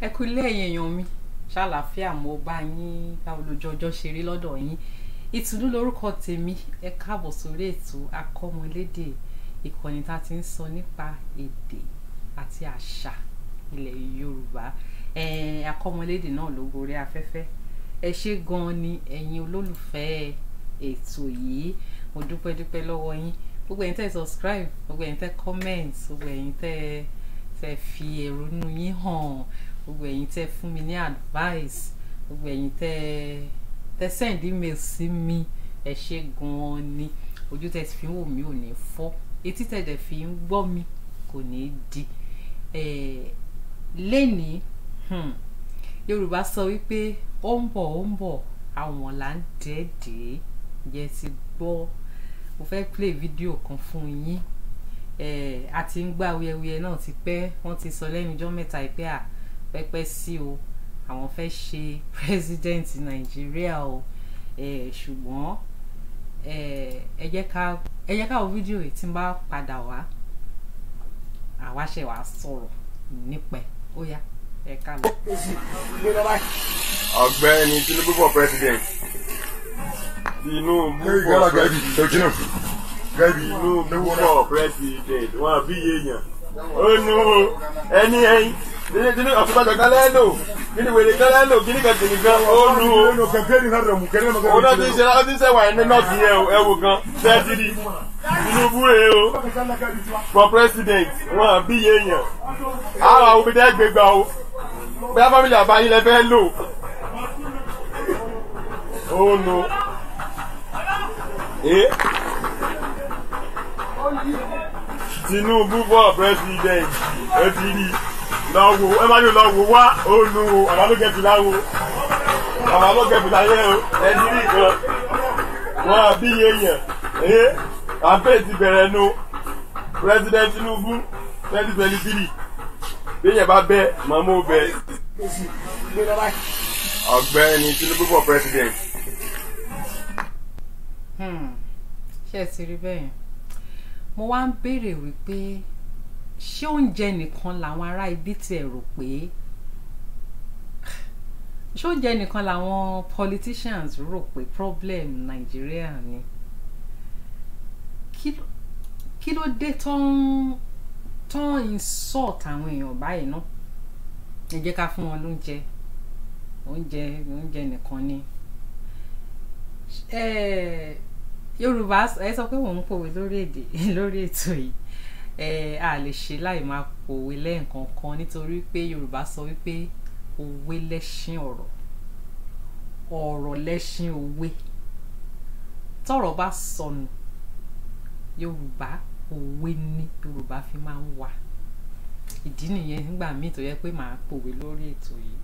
ẹ kú ilé ẹ̀yin èèyàn mi ṣàlàáfíà mo bá yín báwo lójú ọjọ́ ṣe rí lọ́dọ̀ yín ìtùnú lórúkọ tèmi ẹ káàbọ̀ sórí ètò akọ́mọlédè ìkànnì tá a ti ń sọ nípa èdè àti àṣà ilẹ̀ yorùbá akọ́mọlédè náà ló gorí afẹ́fẹ́ ẹ ṣé gan ni ẹ̀yin olólùfẹ́ ètò yìí mo dúpẹ́ dúpẹ́ lọ́wọ́ yín gbogbo ẹ̀yin tẹ́ subscribe gbogbo ẹ̀yin tẹ́ comment gbogbo ẹ̀yin tẹ́ tẹ́ fi èrò nínú yín hàn gbogbo ẹ̀yin tẹ́ fún mi ní advice gbogbo ẹ̀yin tẹ́ tẹ́ send email sí mi ẹ ṣe gan-an ni ojú tẹ́ fi ń wò mí ò ní fọ́ etí tẹ́ dẹ̀ fi ń gbọ́ mi kò ní di lẹ́nìí hmm, Yorùbá sọ wípé ó ń bọ̀ ó ń bọ̀ àwọn là ń dẹ́ẹ̀dẹ́ yẹ ti gbọ́ mo fẹ́ play fídíò kan fún yín àti ń gbá awuyewuye náà ti pẹ́ wọ́n ti sọ lẹ́nu ọjọ́ mẹ́ta ìpẹ́ à pẹ́pẹ́ sí o àwọn fẹ́ ṣe president Nigeria, o ṣùgbọ́n ẹ jẹ́ ká ẹ jẹ́ ká wo fídíò yìí tí n bá padà wá àwa ṣe wàá sọ̀rọ̀ nípẹ́ ó yá ẹ ká lọ. ọ̀gbẹ́ni Tinubu for president Tinubu for president Tinubu for president wọn àbí yéèyàn ó nu ẹni ẹyin gini gini ọ̀túnbàjọ kan lẹ́lò gini wèrè kan lẹ́lò gini kan gini kan ó lu o ó náà ti ṣe ó ti ṣe wà for president wọn lo Tinubu for president ẹ ti rí i lọ́wọ́ ẹ má lè lọ́wọ́ wá olú o àbá ló gẹ̀ẹ́bí láwo láyé o ẹni rí kan wọn àbí yẹyàn ẹ abẹ́ ti bẹ̀rẹ̀ nu president Tinubu twenty twenty three bẹ́yẹn bá bẹ́ màmú bẹ́ ọ̀gbẹ́ni Tinubu for president. Hmm. ṣé ẹ ti rí bẹ́ẹ̀ mo wá ń béèrè wípé ṣé oúnjẹ nìkan làwọn ará ibi tiẹ̀ rò pé ṣé oúnjẹ nìkan làwọn politicians rò pé problem Nàìjíríà ni kí ló dé tán tán insult àwọn èèyàn báyìí náà ẹ jẹ́ ká fún wọn lóúnjẹ oúnjẹ oúnjẹ nìkan ni Yorùbá ẹ sọ pé òun pòwe lórí èdè lórí ètò yìí a lè ṣe láì máa pòwe lẹ́ẹ̀kan kan nítorí pé Yorùbá sọ wípé òwe lẹṣin ọ̀rọ̀ ọ̀rọ̀ lẹṣin òwe tọ́rọ̀ bá sọnù Yorùbá òwe ni Yorùbá fi máa ń wà ìdí nìyẹn nígbà míì tó yẹ pé màá pòwe lórí ètò yìí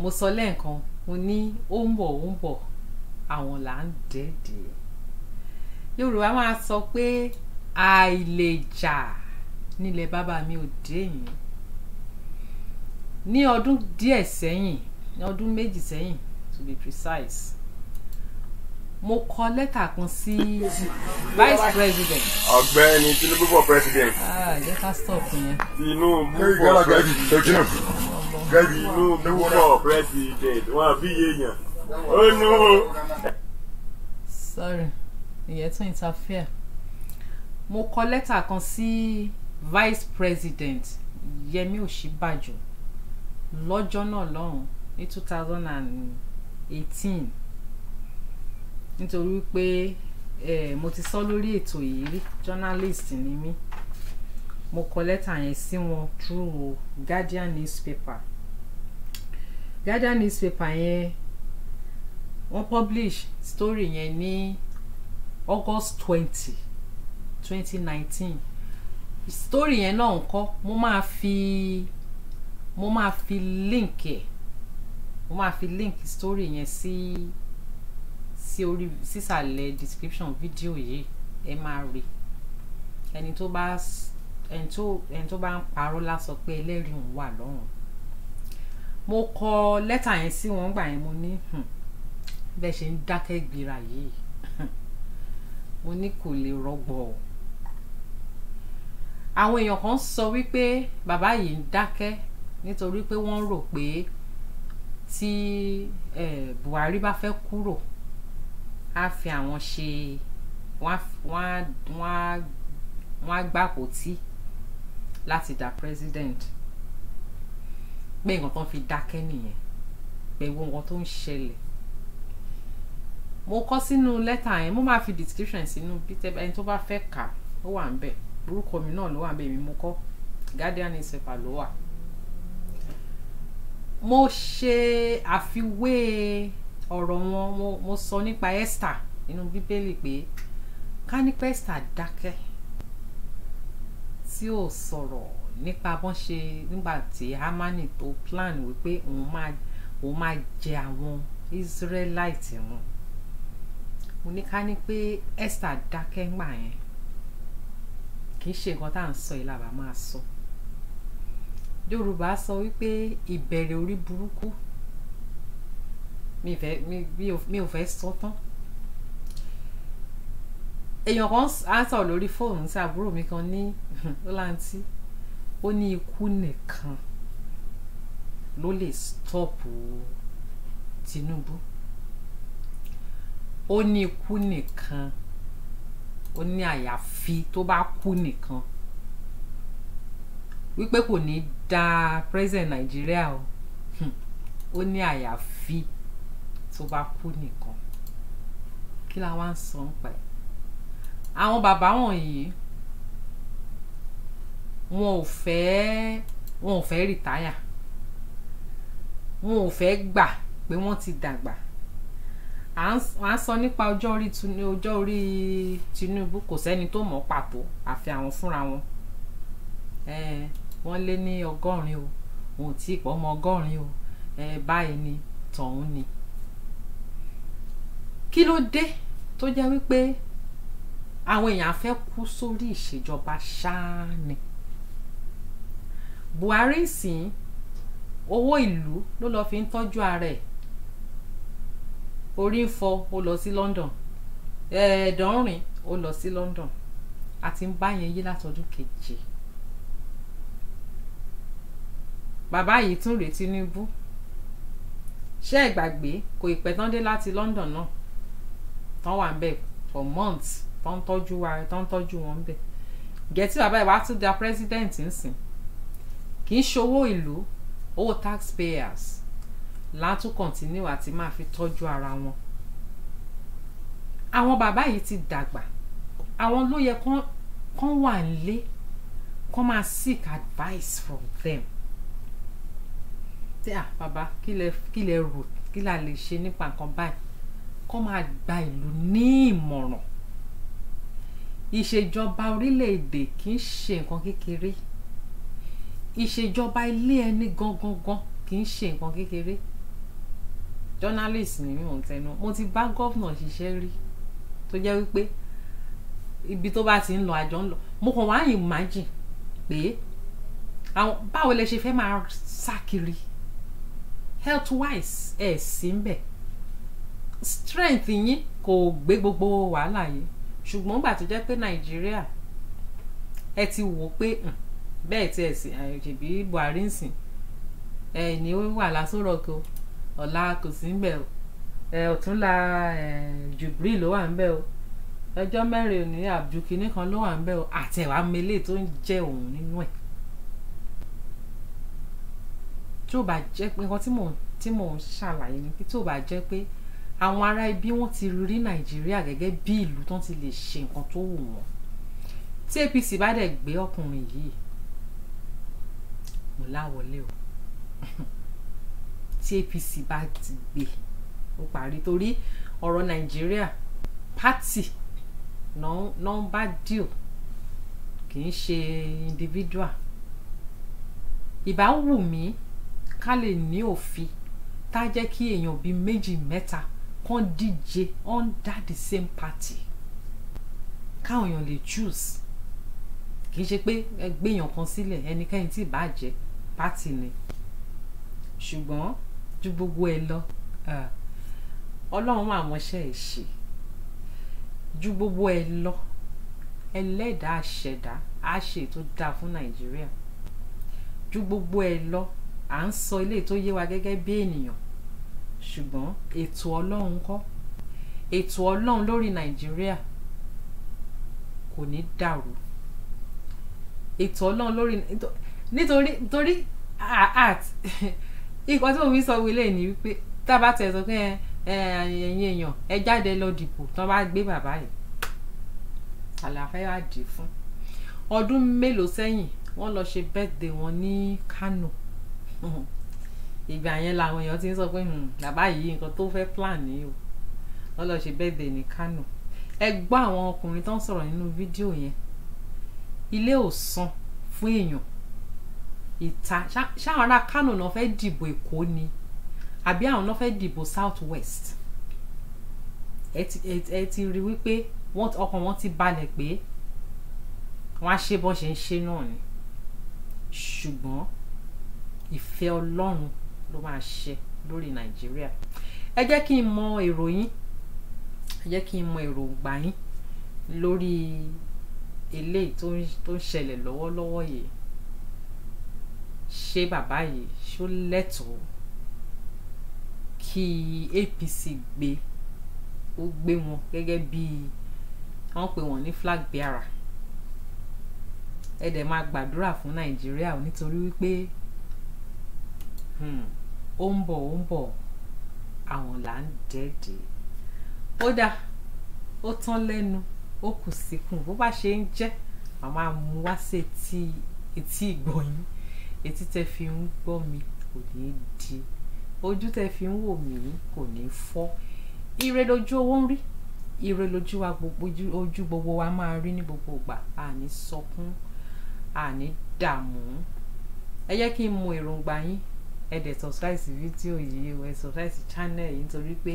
mo sọ lẹ́ẹ̀kan mo ní ó ń bọ̀ ó ń bọ̀ àwọn là ń dẹ́ẹ̀dẹ́ Yorùbá máa sọ pé àìlèjà nílẹ̀ bàbá mi ò dé yìí ní ọdún díẹ̀ sẹ́yìn ní ọdún méjì sẹ́yìn to be precise mo kọ lẹ́tà kan sí vice president. ọ̀gbẹ́ni tinubu for president. Ah, jẹ́ ká stop yẹn. tinubu for president. tinubu for president wọn àbí yéèyàn sorry ìyẹn tún interfere mo kọ lẹ́tà kan sí vice president Yemi Ọ̀ṣínbàjò lọ́jọ́ náà lọ́hùn ní two thousand and eighteen nítorí pé eh, mo ti sọ lórí ètò yìí rí journalist ni mí mo kọ lẹ́tà yẹn sí wọn through Guardian newspaper Guardian newspaper yẹn wọ́n publish story yẹn ní August twenty twenty nineteen story yẹn náà ńkọ́ mo máa fi mo máa fi link ẹ̀ mo máa fi link story yẹn sí sí orí sísàlẹ̀ description video yìí ẹ máa rí ẹni tó bá ẹni tó ẹni tó bá ń parọ́ lásọ pé ẹlẹ́rìí òun wà lọ́rùn mo kọ lẹ́tà yẹn sí wọn gbà yẹn mo ní hmm, bẹ́ẹ̀ ṣe ń dákẹ́ gbéra yìí mo ní kò lè rọgbọ o àwọn èèyàn kan sọ wípé bàbá yìí ń dákẹ́ nítorí pé wọ́n rò pé tí Buhari bá fẹ́ kúrò á fi àwọn ṣe wọ́n á gbàpótí láti dà president pé nǹkan tó ń fi dákẹ́ nìyẹn pé wo nǹkan tó ń ṣẹlẹ̀ mo kọ sínú lẹ́tà yẹn mo máa fi description sínú bí ẹni tó bá fẹ́ kà ó wà ń bẹ̀ orúkọ mi náà ló wà bẹ́ẹ̀ mi mo kọ́ guardian newspaper ló wà mo ṣe àfiwé ọ̀rọ̀ wọn mo sọ nípa Esther nínú bíbélì pé ká ní pé Esther dákẹ́ tí ò sọ̀rọ̀ nípa bọ́n ṣe nígbà tí Hámánì tó plan wípé òun máa òun máa jẹ àwọn Israelite wọn mo ní ká ní pé Esther dákẹ́ ńgbà yẹn kì í ṣe nǹkan tá à ń sọ yìí làbá máa sọ yorùbá sọ wípé ìbẹ̀rẹ̀ orí burúkú mi ò fẹ́ sọ tán èèyàn kan á sọ̀rọ̀ lórí fóònù tí àbúrò mi kan ní lọ́lántí ó ní ikú nìkan ló lè stọ́ọ̀pù Tinubu ó ní ikú nìkan ó ní àyàfi tó bá kú nìkan wípé kò ní dá president Nigeria. o hmm. ó ní àyàfi tó bá kú nìkan kí la wá ń sọ ń pẹ àwọn bàbá wọ̀nyí wọn ò fẹ́ wọn ò fẹ́ rìtáyà wọn ò fẹ́ gbà pé wọ́n ti dàgbà à ń sọ nípa ọjọ́ orí ọjọ́ orí Tinubu kò sẹ́ni tó mọ̀ pàtó àfi àwọn fúnra wọn wọ́n lé ní ọgọ́rin o òun tí ìpọ̀ ọmọ ọgọ́rin o báyìí ni tọ̀hún ni kí ló dé tó jẹ́ wípé àwọn èèyàn fẹ́ kú sórí ìṣèjọba ṣáá ni Buhari sìn owó ìlú ló lọ́ọ́ fi ń tọ́jú ara ẹ̀ orí ń fọ ó lọ sí London ẹ̀ẹ́dọ́rin ó lọ sí London àti ń bá yẹn yí látọdún keje bàbá yìí tún rèé Tinubu ṣé ẹ gbàgbé kò ìpẹ́ tán dé láti London náà tán wà ń bẹ̀ for months tán tọ́jú wa tán tọ́jú wọn ń bẹ̀ gẹ̀ẹ́tì bàbá yìí wá tún da president ń sìn kì í ṣowó ìlú owó taxpayers látún kọ̀ǹtínú àti máa fi tọ́jú ara wọn àwọn bàbá yìí ti dàgbà àwọn ló yẹ kán wà nílé kán máa seek advice from them tí à bàbá kí lẹ kí lẹ rò kí la lè ṣe nípa nǹkan báyìí kán máa gba ìlú ní ìmọ̀ràn ìṣèjọba orílẹ̀-èdè kì í ṣe nǹkan kékeré ìṣèjọba ilé ẹni gangan kì í ṣe nǹkan kékeré journalist ni mi ò ń tẹnu mo ti bá gómìnà ṣiṣẹ́ rí tó jẹ́ wípé ibi tó bá ti ń lọ àjọ ń lọ mo kàn wá imagine pé àwọn báwo lẹ ṣe fẹ́ máa sá kiri health wise ẹ̀ sí ń bẹ̀ strength yín kò gbé gbogbo wàhálà yìí ṣùgbọ́n gbà tó jẹ́ pé nàìjíríà ẹ ti wò ó pé hmm, bẹ́ẹ̀ tí ẹ̀ sì ṣèbí buhari ń sìn ẹ̀ ní ó wà lásòrò kí o ọ̀la kò sí ńbẹ̀ o ọ̀túnla Jubril ló wà ńbẹ̀ o ọjọ́ mẹ́rin òní Abdul kinní kan ló wà ńbẹ̀ o àtẹ̀wá mele tó ń jẹ́ òun nínú ẹ̀ tí ò bá jẹ́ pé nǹkan tí mò ń tí mò ń ṣàlàyé ni pé tí ò bá jẹ́ pé àwọn ará ibi wọn ti rí Nàìjíríà gẹ́gẹ́ bí ìlú tán ti lè ṣe nǹkan tó wù wọ́n tí APC bá dẹ̀ gbé ọkùnrin yìí mo láwọlé o. tí APC bá ti gbé ó parí torí ọ̀rọ̀ Nàìjíríà party. nọ́mbà díò kì í ṣe individual ìbá wù mí ká lè ní òfin tá jẹ́ kí èèyàn bíi méjì mẹ́ta kan díje under the same party káwọn èèyàn lè choose kì í ṣe pé ẹgbẹ́ èèyàn kan sílẹ̀ ẹnikẹ́ni tí ì bá jẹ́ pátì ni ṣùgbọ́n ju gbogbo ẹ lọ ọlọ́run máa mọṣẹ́ ẹ̀ ṣe ju gbogbo ẹ lọ ẹlẹ́dàá àṣẹ̀dá á ṣe tó dáa fún nàìjíríà ju gbogbo ẹ lọ à ń sọ ilé tó yé wa gẹ́gẹ́ bí ènìyàn ṣùgbọ́n ètò ọlọ́run kọ́ ètò ọlọ́run lórí nàìjíríà kò ní dàrú ètò ọlọ́run lórí nítorí nítorí art nǹkan tó fi sọ wílé ni wípé tá a bá tẹ̀ sọ pé ẹ̀yin èèyàn ẹ jáde lọ dìbò tán bá gbé bàbá yìí àlàáfẹ́ á dì fún ọdún mélòó sẹ́yìn wọ́n lọ ṣe bẹ́ẹ̀dé wọn ní Kánò ìgbà yẹn làwọn èèyàn ti ń sọ pé hmm, bàbá yìí nǹkan tó fẹ́ plan ni o wọ́n lọ ṣe bẹ́ẹ̀dé ní Kánò ẹ gbọ́ àwọn ọkùnrin tó ń sọ̀rọ̀ nínú fídíò yẹn ilé ò san fún èèyàn ìta ṣáwọn ará Kano náà fẹ́ dìbò Èkó ni àbí àwọn náà fẹ́ dìbò South West ẹ ti ẹ ti rí wípé ọkàn wọn ti balẹ̀ pé wọ́n á ṣe bọ́n ṣe ń ṣe náà ni ṣùgbọ́n ìfẹ́ Ọlọ́run ló máa ṣe lórí Nàìjíríà ẹ jẹ́ kí n mọ èrò yín ẹ jẹ́ kí n mọ èròǹgbà yín lórí eléyìí tó ń ṣẹlẹ̀ lọ́wọ́lọ́wọ́ yìí ṣé bàbá yìí ṣó lẹ́tọ̀ọ́ kí APC gbé ó gbé wọn gẹ́gẹ́ bí wọ́n pè wọ́n ní flag bearer ẹ dẹ̀ máa gbàdúrà fún Nàìjíríà nítorí wípé hmm, ó ń bọ̀ ó ń bọ̀ àwọn là ń dẹ́ẹ̀dẹ́ ó dà ó tán lẹ́nu ó kù síkùn bó bá ṣe ń jẹ́ màmá mu wá sí etí ìgbọ̀nyín etí tẹ fi ń gbọ́ mi kò ní di ojú tẹ fi ń wò mí kò ní fọ́ ire lójú owó ń rí ire lójú wa gbogbo ojú gbogbo wa máa rí ní gbogbo ìgbà àní sọkún àní dààmú ẹ jẹ́ kí n mọ èròǹgbà yín ẹ dẹ̀ subscribe sí fídíò yìí ẹ subscribe channel yìí nítorí pé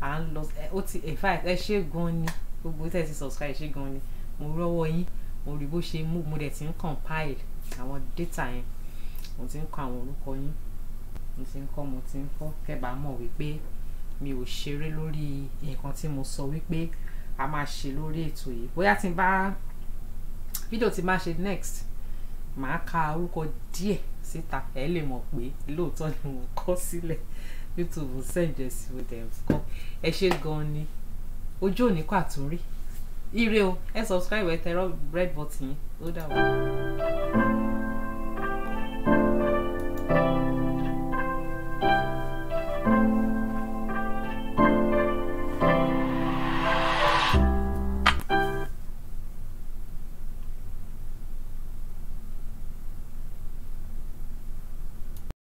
à ń lọ ó ti in fact ẹ ṣe gan ni gbogbo tẹ̀ sí subscribe ṣe gan ni mo rọ́wọ́ yín mo rí bó ṣe mú mo dẹ̀ ti ń compile àwọn data yẹn mo ti ń kọ àwọn orúkọ yín mo ti ń kọ́ mo ti ń kọ́ kẹ́bàá mọ̀ wípé mi ò ṣeré lórí nǹkan tí mo sọ wípé a máa ṣe lórí ètò yìí bóyá tí n bá fídíò tí n bá ṣe next màá ka orúkọ díẹ̀ síta ẹ lè mọ̀ pé lóòótọ́ ni mo kọ sílẹ̀ youtube sẹ́ǹjẹ̀ sí wo dem kọ́ ẹ ṣe gan ni ojú òní kò àtúnrí ire o ẹ subscribe ẹ tẹ red button yín ó dà wọ́n.